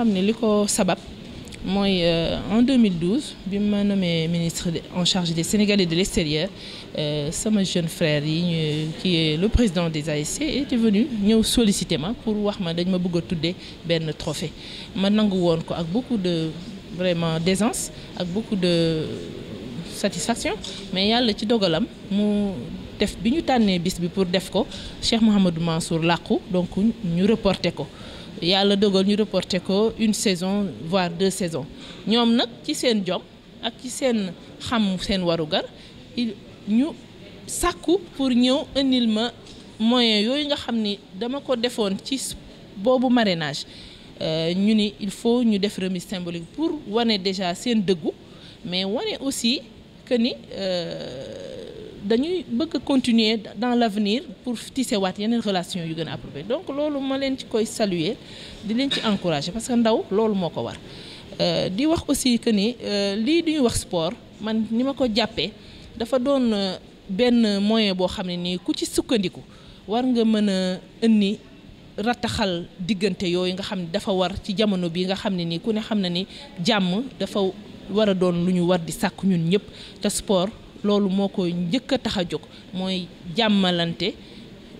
xam ne li ko sabab mooy euh, en 2012 bi ma nommé ministre en charge des Sénégalais de l'extérieur euh, sama jeune frère yi ñu qui est le président des ASC était venu ñëw solliciter ma pour wax ma dañ ma bëgg a tuddee benn trophée ma nangu woon ko ak beaucoup de vraiment d'aisance ak beaucoup de satisfaction mais yàlla ci dogalam mu def bi ñu tànnee bis bi pour def ko Cheikh Mouhamadou Mansour làqu donc ñu reporté ko yàlla dogal ñu reporté ko une saison voire deux saisons ñoom nag ci seen jom ak ci seen xam seen warugar ñu sàkku pour ñëw indil ma moyen yooyu nga xam ni dama ko defoon ci boobu marrainage euh, ñu ni il faut ñu def remise symbolique pour wane déjà seen dëggu mais wane aussi que euh, dañuy bëgg continuer dans l'avenir pour waat yeneen relation yu gën a approprié donc loolu ma leen ci koy saluer di leen ci encourager parce ndaw loolu moo ko war euh, di wax aussi que ni euh, lii duñu wax sport man ni ma ko jàppee dafa doon euh, benn moyen boo xam ne nii ku ci sukkandiku war nga mën a indi rattaxal diggante yooyu nga xam ne dafa war ci jamono bi nga xam ne nii ku ne xam na ni jàmm dafa war a doon lu ñu war di sàkk ñun ñëpp te sport loolu moo ko njëkk a tax a jóg mooy jàmmalante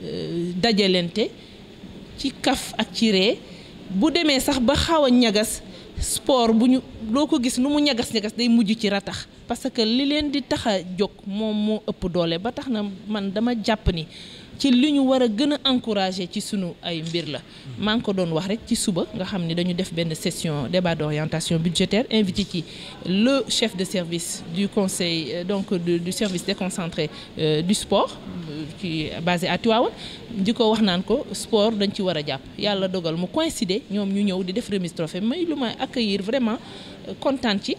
euh, dajalante ci kaf ak ci ree bu demee sax ba xaw a ñagas sport bu ñu loo ko gis nu mu ñagas-ñagas day mujj ci ratax parce que li leen di tax a jóg moom moo ëpp doole ba tax na man dama jàpp ni ci li ñu war a gën a encourager ci sunu ay mbir la maa ngi ko doon wax rek ci suba nga xam ni dañu def benn session débat d'orientation budgétaire invité ci le chef de service du conseil euh, donc du service de déconcentré euh, du sport euh, qui basé à Tivaouane di ko wax naan ko sport dañ ci war a jàpp yàlla dogal mu coïncider ñoom ñu ñëw di def remise trophée may lu may accueillir vraiment kontaan ci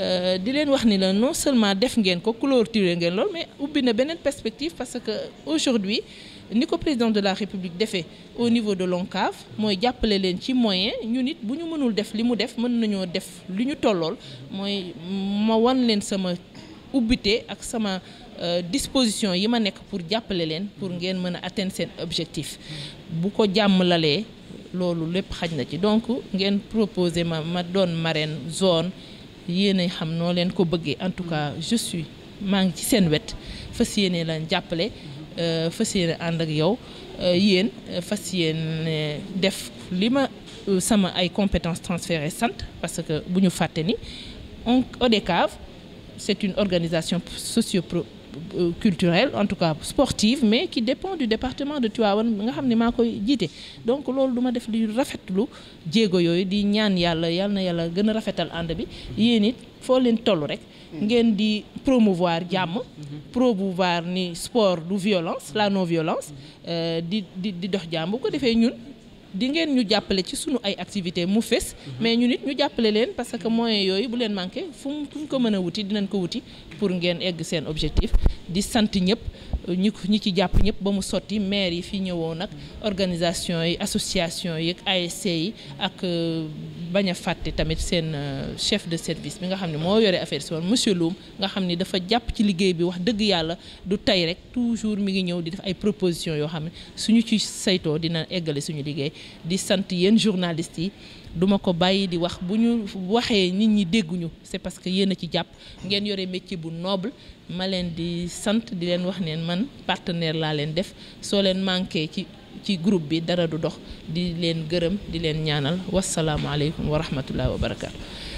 Euh, di leen wax ni la non seulement def ngeen ko clôturer ngeen lool mais ubbi na beneen perspective parce que aujourd'hui ni ko président de la république defee au niveau de l'ONCAV mooy jàppale leen ci moyen ñu nit bu ñu mënul def li mu def mën nañoo def li ñu tollool mooy ma wan leen sama ubbite ak sama euh, disposition yi ma nekk pour jàppale leen pour ngeen mën a atteindre seen objectif bu ko jàmm lalee loolu lépp xaj na ci donc ngeen proposer ma ma doon marraine zone yéen a xam noo leen ko bëggee en tout cas je maa ngi ci seen wet fas yéene lan jàppale euh, fas yéene ànd ak yow euh, yéen fas yéene def li ma euh, sama ay compétences transférées sant parce que bu ñu fàtte ni on ODCAV c'est une organisation socio Euh, culturelle en tout cas sportive mais ki dépend du département de Tivaouane nga xam ne maa koy jiite donc loolu du ma def lu rafetlu jéego yooyu di ñaan yàlla yàlla na yàlla gën a rafetal ànd bi yéen it foo leen toll rek ngeen di promouvoir jàmm promouvoir ni sport du violence la non violence euh, di di di dox jàmm bu ko defee ñun di ngeen ñu jàppale ci suñu ay activité mu fes mhm. mais ñu nit ñu jàppale leen parce que moyens yooyu bu leen manqué fu mu fu ko mën a wuti dinañ ko wuti pour ngeen egg seen objectif di sant ñëpp ñi ñi ci jàpp ñëpp ba mu sotti maire yi fi ñëwoon nag mhm. organisation yi association yi ak ASC yi ak euh, bañ a fàtte tamit seen euh, chef de service bi nga xam ne moo yore affaire si woon monsieur Loum nga xam ni dafa jàpp ci liggéey bi wax dëgg yàlla du tey rek toujours mi ngi ñëw di def ay proposition yoo xam ne suñu ci saytoo dina eggale suñu liggéey di sant yéen journalistes yi duma ko bàyyi di wax bu ñu waxee nit ñi dégguñu c'est parce que yéen a ci jàpp ngeen yore métier bu noble ma leen di sant di leen wax neen man partenaire laa leen def soo leen manqué ci groupe bi dara du dox di leen gërëm di leen ñaanal wasalaamualeykum wa rahmatullahi wa barakaatu.